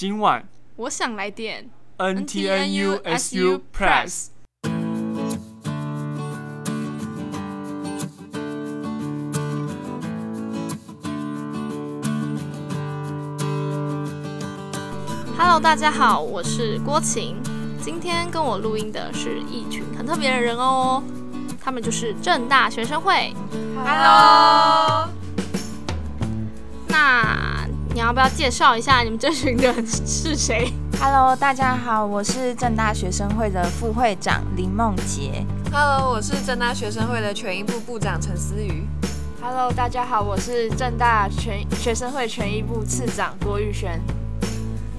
今晚我想來點、NT、NTNUSU Press。 Hello，大家好，我是郭琴，今天跟我錄音的是一群很特別的人哦，他們就是政大學生會。Hello，那。你要不要介紹一下你們這群人是誰？Hello，大家好，我是政大學生會的副會長林夢杰。Hello，我是政大學生會的權益部部長陳思瑜。Hello，大家好，我是政大全學生會權益部次長郭玉軒。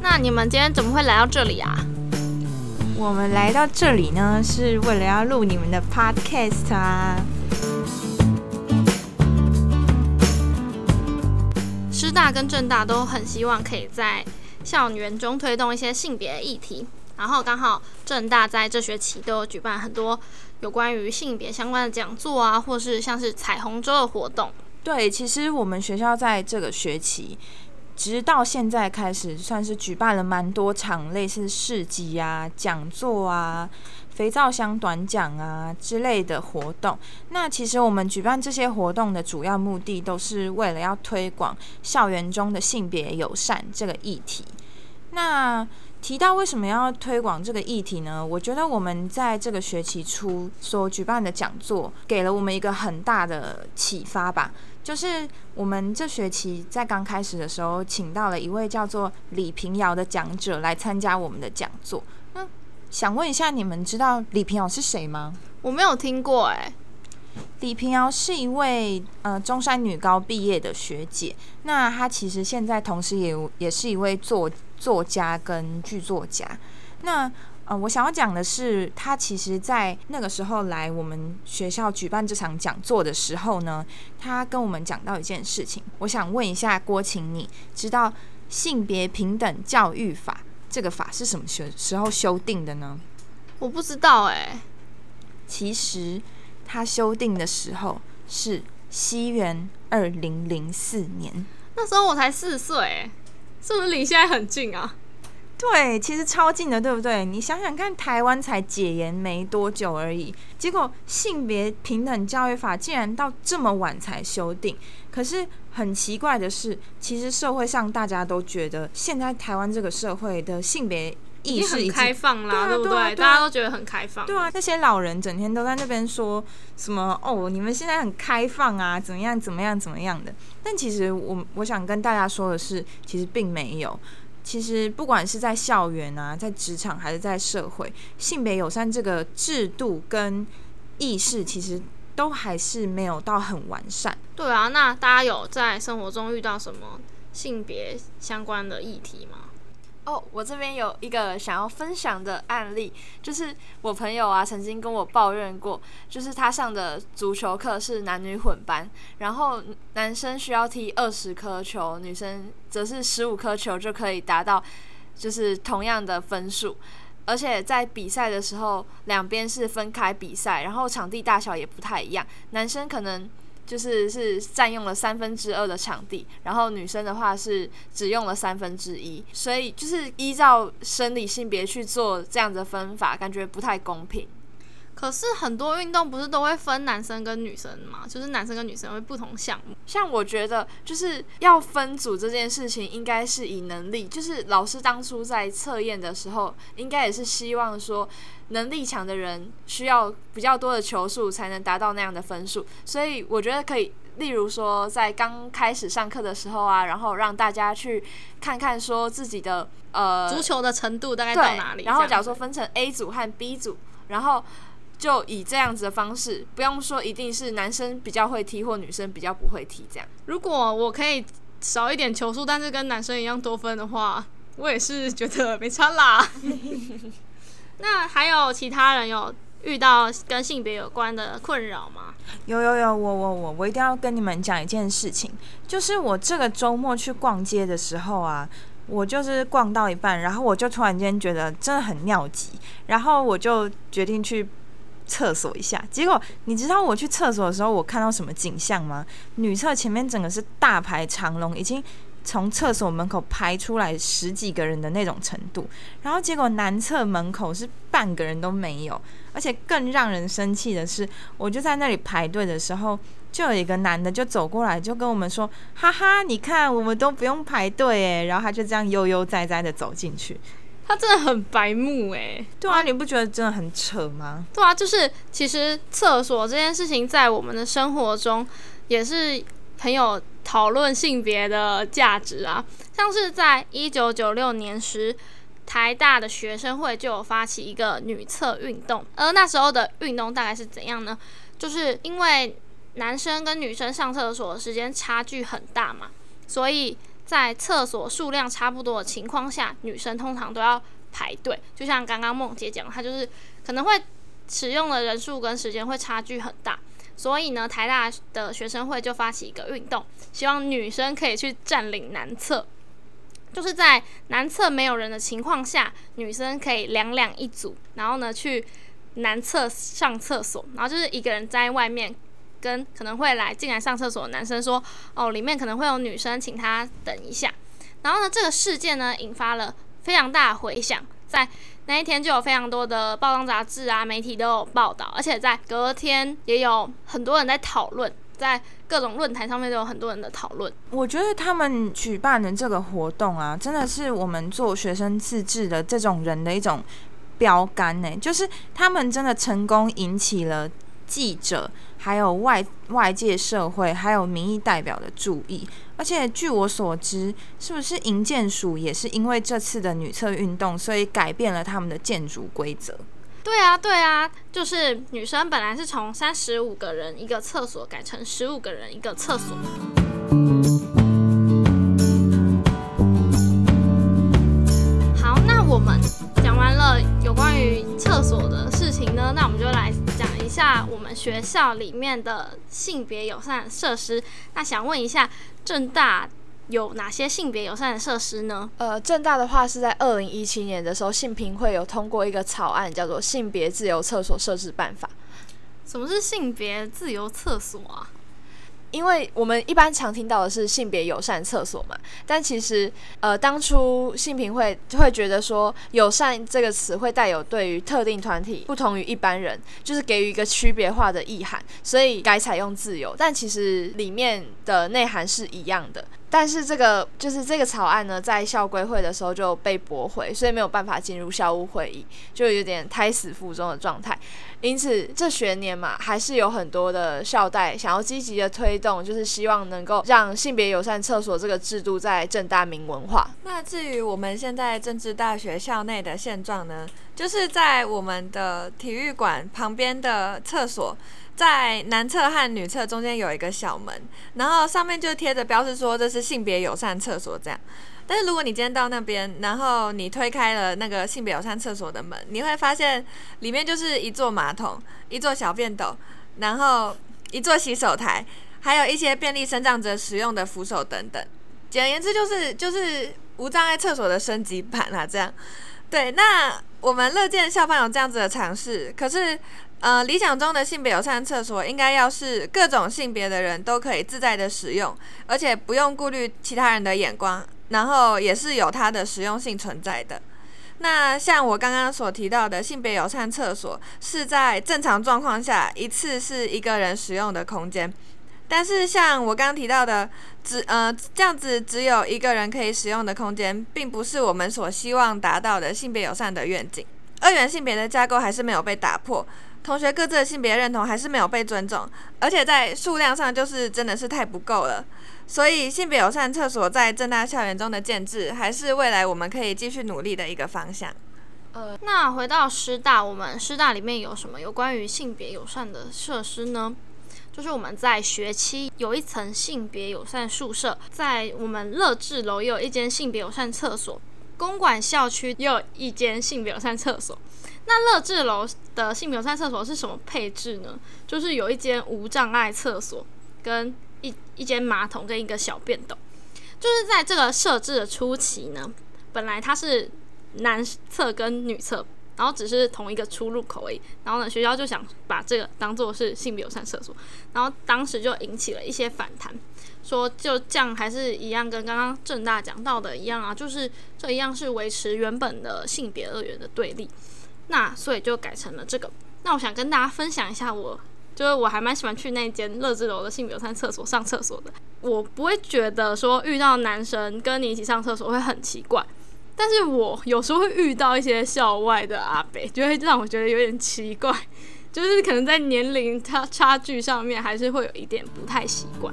那你們今天怎麼會來到這裡啊？我們來到這裡呢，是為了要錄你們的 Podcast 啊。大跟政大都很希望可以在校園中推動一些性別議題，然後剛好政大在這學期都有舉辦很多有關於性別相關的講座啊，或是像是彩虹周的活動。對，其實我們學校在這個學期直到現在開始，算是舉辦了蠻多場類似市集啊、講座啊。肥皂箱短講啊之類的活動，那其實我們舉辦這些活動的主要目的都是為了要推廣校園中的性別友善這個議題。那提到為什麼要推廣這個議題呢？我覺得我們在這個學期初所舉辦的講座，給了我們一個很大的啟發吧。就是我們這學期在剛開始的時候，請到了一位叫做李屏瑤的講者來參加我們的講座。想問一下，你們知道李屏瑤是誰嗎？我沒有聽過哎、欸。李屏瑤是一位呃中山女高畢業的學姐，那她其實現在同時也也是一位作作家跟劇作家。那呃，我想要講的是，她其實，在那個時候來我們學校舉辦這場講座的時候呢，她跟我們講到一件事情。我想問一下郭琴，你知道性別平等教育法？這個法是什麼時候修訂的呢？我不知道欸。其實，它修訂的時候是西元二零零四年。那時候我才四歲。欸，是不是離現在很近啊？對，其實超近的，對不對？你想想看，台灣才解嚴沒多久而已，結果性別平等教育法竟然到這麼晚才修訂。可是很奇怪的是，其實社會上大家都覺得現在台灣這個社會的性別意識開放啦，對不對？大家都覺得很開放。對啊，那些老人整天都在那邊說什麼哦，你們現在很開放啊，怎麼樣，怎麼樣，怎麼樣的？但其實我我想跟大家說的是，其實並沒有。其實不管是在校園啊，在職場，還是在社會，性別友善這個制度跟意識，其實。都還是沒有到很完善。對啊，那大家有在生活中遇到什麼性別相關的議題嗎？哦，oh, 我這邊有一個想要分享的案例，就是我朋友啊曾經跟我抱怨過，就是他上的足球課是男女混班，然後男生需要踢二十顆球，女生則是十五顆球就可以達到，就是同樣的分數。而且在比賽的時候，兩邊是分開比賽，然後場地大小也不太一樣。男生可能就是是佔用了三分之二的場地，然後女生的話是只用了三分之一，所以就是依照生理性別去做這樣的分法，感覺不太公平。可是很多運動不是都會分男生跟女生嘛？就是男生跟女生會不同項目。像我覺得就是要分組這件事情，應該是以能力。就是老師當初在測驗的時候，應該也是希望說能力強的人需要比較多的球數才能達到那樣的分數。所以我覺得可以，例如說在剛開始上課的時候啊，然後讓大家去看看說自己的呃足球的程度大概到哪裡。然後假如說分成 A 組和 B 組，然後。就以這樣子的方式，不用說，一定是男生比較會踢或女生比較不會踢這樣。如果我可以少一點球數，但是跟男生一樣多分的話，我也是覺得沒差啦。 那還有其他人有遇到跟性別有關的困擾嗎？有有有，我我我我,我一定要跟你們講一件事情，就是我這個周末去逛街的時候啊，我就是逛到一半，然後我就突然間覺得真的很尿急，然後我就決定去。廁所一下，結果你知道我去廁所的時候我看到什麼景象嗎？女廁前面整個是大排長龍，已經從廁所門口排出來十幾個人的那種程度。然後結果男廁門口是半個人都沒有，而且更讓人生氣的是，我就在那裡排隊的時候，就有一個男的就走過來，就跟我們說：“哈哈，你看我們都不用排隊哎。”然後他就這樣悠悠哉哉的走進去。他真的很白目誒、欸，對啊，啊你不覺得真的很扯嗎？對啊，就是其實廁所這件事情在我們的生活中也是很有討論性別的價值啊。像是在一九九六年時，台大的學生會就有發起一個女廁運動，而那時候的運動大概是怎樣呢？就是因為男生跟女生上廁所的時間差距很大嘛，所以。在廁所數量差不多的情況下，女生通常都要排隊。就像剛剛夢姐講，她就是可能會使用的人數跟時間會差距很大。所以呢，台大的學生會就發起一個運動，希望女生可以去占領男廁，就是在男廁沒有人的情況下，女生可以兩兩一組，然後呢去男廁上廁所，然後就是一個人在外面。跟可能會來進來上廁所的男生說：“哦，裡面可能會有女生，請他等一下。”然後呢，這個事件呢，引發了非常大的回響，在那一天就有非常多的報章雜誌啊、媒體都有報道，而且在隔天也有很多人在討論，在各種論壇上面都有很多人的討論。我覺得他們舉辦的這個活動啊，真的是我們做學生自治的這種人的一種標桿呢、欸，就是他們真的成功引起了。記者，還有外外界社會，還有民意代表的注意。而且據我所知，是不是營建署也是因為這次的女廁運動，所以改變了他們的建築規則？對啊，對啊，就是女生本來是從三十五個人一個廁所改成十五個人一個廁所。學校裡面的性別友善設施，那想問一下，政大有哪些性別友善的設施呢？呃，政大的話是在二零一七年的時候，性平會有通過一個草案，叫做《性別自由廁所設置辦法》。什麼是性別自由廁所啊？因為我們一般常聽到的是性別友善廁所嘛，但其實，呃，當初性平會會覺得說“友善”這個詞會帶有對於特定團體不同於一般人，就是給予一個區別化的意涵，所以改採用“自由”，但其實裡面的內涵是一樣的。但是這個就是這個草案呢，在校規會的時候就被駁回，所以沒有辦法進入校務會議，就有點胎死腹中的狀態。因此這學年嘛，還是有很多的校代想要積極的推動，就是希望能夠讓性別友善廁所這個制度在政大明文化。那至於我們現在政治大學校內的現狀呢，就是在我們的體育館旁邊的廁所。在男廁和女廁中間有一個小門，然後上面就貼着標示說，這是性別友善廁所這樣。但是如果你今天到那邊，然後你推開了那個性別友善廁所的門，你會發現裡面就是一座馬桶、一座小便斗，然後一座洗手台，還有一些便利身障者使用的扶手等等。簡而言之就是就是無障礙廁所的升級版啦、啊，這樣。對，那我們樂見校方有這樣子的嘗試，可是，呃，理想中的性別友善廁所應該要是各種性別的人都可以自在的使用，而且不用顧慮其他人的眼光，然後也是有它的實用性存在的。那像我剛剛所提到的，性別友善廁所是在正常狀況下一次是一個人使用的空間，但是像我剛剛提到的只、只呃這樣子只有一個人可以使用的空間，並不是我們所希望達到的性別友善的願景。二元性別的架構還是沒有被打破。同學各自的性別認同還是沒有被尊重，而且在數量上就是真的是太不夠了。所以性別友善廁所在正大校園中的建置，還是未來我們可以繼續努力的一個方向。呃，那回到師大，我們師大裡面有什麼有關於性別友善的設施呢？就是我們在學期有一層性別友善宿舍，在我們樂智樓也有一間性別友善廁所，公館校區也有一間性別友善廁所。那樂智樓的性別友善廁所是什麼配置呢？就是有一間無障礙廁所，跟一一間馬桶跟一個小便斗。就是在這個設置的初期呢，本來它是男廁跟女廁，然後只是同一個出入口而已。然後呢，學校就想把這個當做是性別友善廁所，然後當時就引起了一些反彈，說就這樣還是一樣，跟剛剛政大講到的一樣啊，就是這一樣是維持原本的性別二元的對立。那所以就改成了這個。那我想跟大家分享一下我，我就是我還蠻喜歡去那間樂智樓的性別友善廁所上廁所的。我不會覺得說遇到男生跟你一起上廁所會很奇怪，但是我有時候會遇到一些校外的阿北，就會讓我覺得有點奇怪，就是可能在年齡差差距上面還是會有一點不太習慣。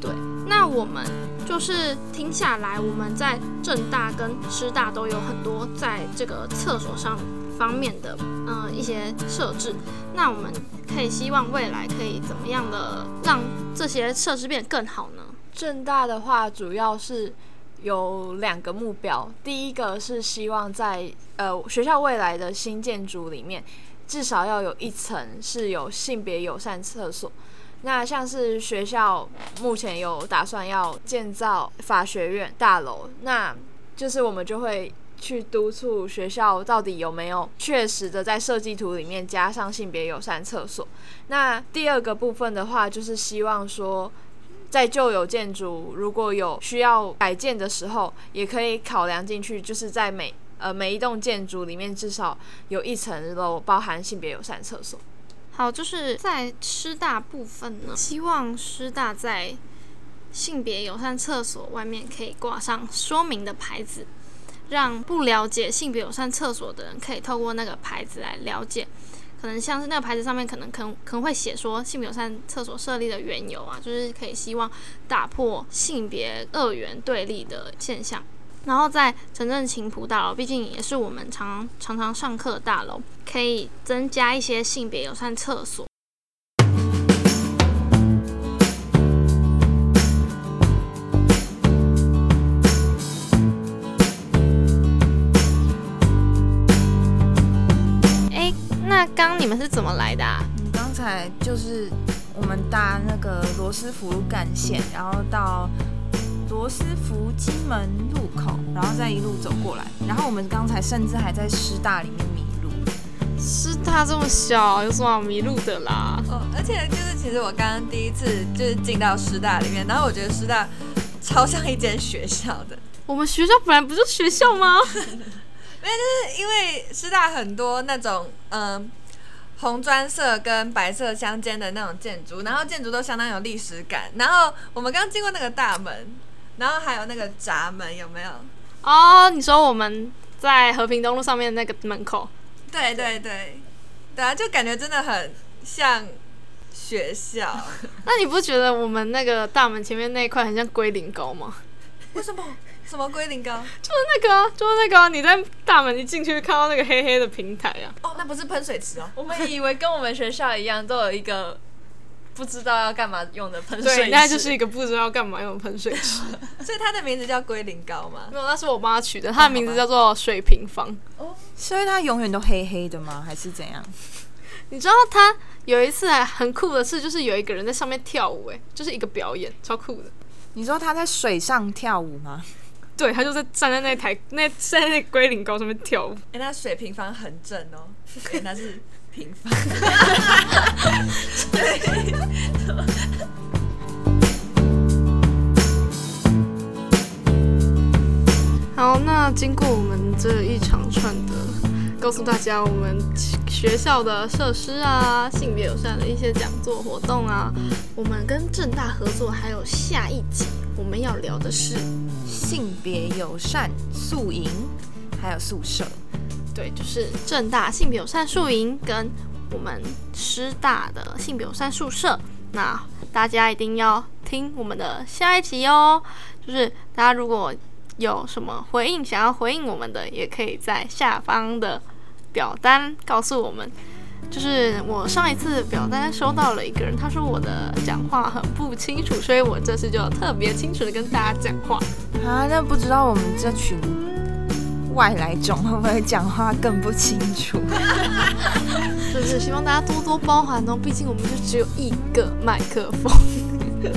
對，那我們就是聽下來，我們在政大跟師大都有很多在這個廁所上方面的嗯、呃、一些設置，那我們可以希望未來可以怎麼樣的讓這些設施變得更好呢？政大的話主要是有兩個目標，第一個是希望在呃學校未來的新建築裡面，至少要有一層是有性別友善廁所。那像是學校目前有打算要建造法學院大樓，那就是我們就會。去督促學校到底有沒有確實的在設計圖裡面加上性別友善廁所。那第二個部分的話，就是希望說，在舊有建築如果有需要改建的時候，也可以考量進去，就是在每呃每一棟建築裡面至少有一層樓包含性別友善廁所。好，就是在師大部分呢，希望師大在性別友善廁所外面可以掛上說明的牌子。讓不了解性別友善廁所的人可以透過那個牌子來了解，可能像是那個牌子上面可能可可能會寫說性別友善廁所設立的緣由啊，就是可以希望打破性別二元對立的現象，然後在誠正勤樸大樓，畢竟也是我們常常，常常上課的大樓，可以增加一些性別友善廁所。那剛你們是怎麼來的啊？嗯，剛才就是我們搭那個羅斯福幹線，然後到羅斯福金門路口，然後再一路走過來。然後我們剛才甚至還在師大裡面迷路。師大這麼小，有什麼好迷路的啦？哦，而且就是其實我剛剛第一次就是進到師大裡面，然後我覺得師大超像一間學校的。我們學校本來不是學校嗎？ 對，就是因為師大很多那種嗯、呃、紅磚色跟白色相間的那種建築，然後建築都相當有歷史感。然後我們剛經過那個大門，然後還有那個閘門，有沒有？哦，你說我們在和平東路上面那個門口？對對對，對，對啊，就感覺真的很像學校。 那你不覺得我們那個大門前面那一塊很像龜苓膏嗎？為什麼？什麼龜苓膏？就是那個，就是那個，你在大門一進去，就看到那個黑黑的平台啊！哦，那不是噴水池，啊、哦。我們以為跟我們學校一樣，都有一個不知道要幹嘛用的噴水池對。那就是一個不知道要幹嘛用的噴水池。 所以它的名字叫龜苓膏嗎？沒有，那是我媽取的。它、嗯、的名字叫做水平方。嗯、哦，所以它永遠都黑黑的嗎？還是怎樣？ 你知道，它有一次還很酷的事，就是有一個人在上面跳舞，欸，哎，就是一個表演，超酷的。你說他在水上跳舞嗎？對，他就是站在那台那站在那龜苓膏上面跳舞。哎，那水平方很正哦！那是平方。對。 好，那經過我們這一長串的告訴大家，我們學校的設施啊，性別友善的一些講座活動啊，我們跟政大合作。還有下一集我們要聊的是性別友善宿營，還有宿舍。對，就是政大性別友善宿營跟我們師大的性別友善宿舍。那大家一定要聽我們的下一集哦。就是大家如果有什麼回應想要回應我們的，也可以在下方的表單告訴我們，就是我上一次表單收到了一個人，他說我的講話很不清楚，所以我這次就特別清楚地跟大家講話啊。但不知道我們這群外來種會不會講話更不清楚？ 是不是？希望大家多多包涵哦，畢竟我們就只有一個麥克風。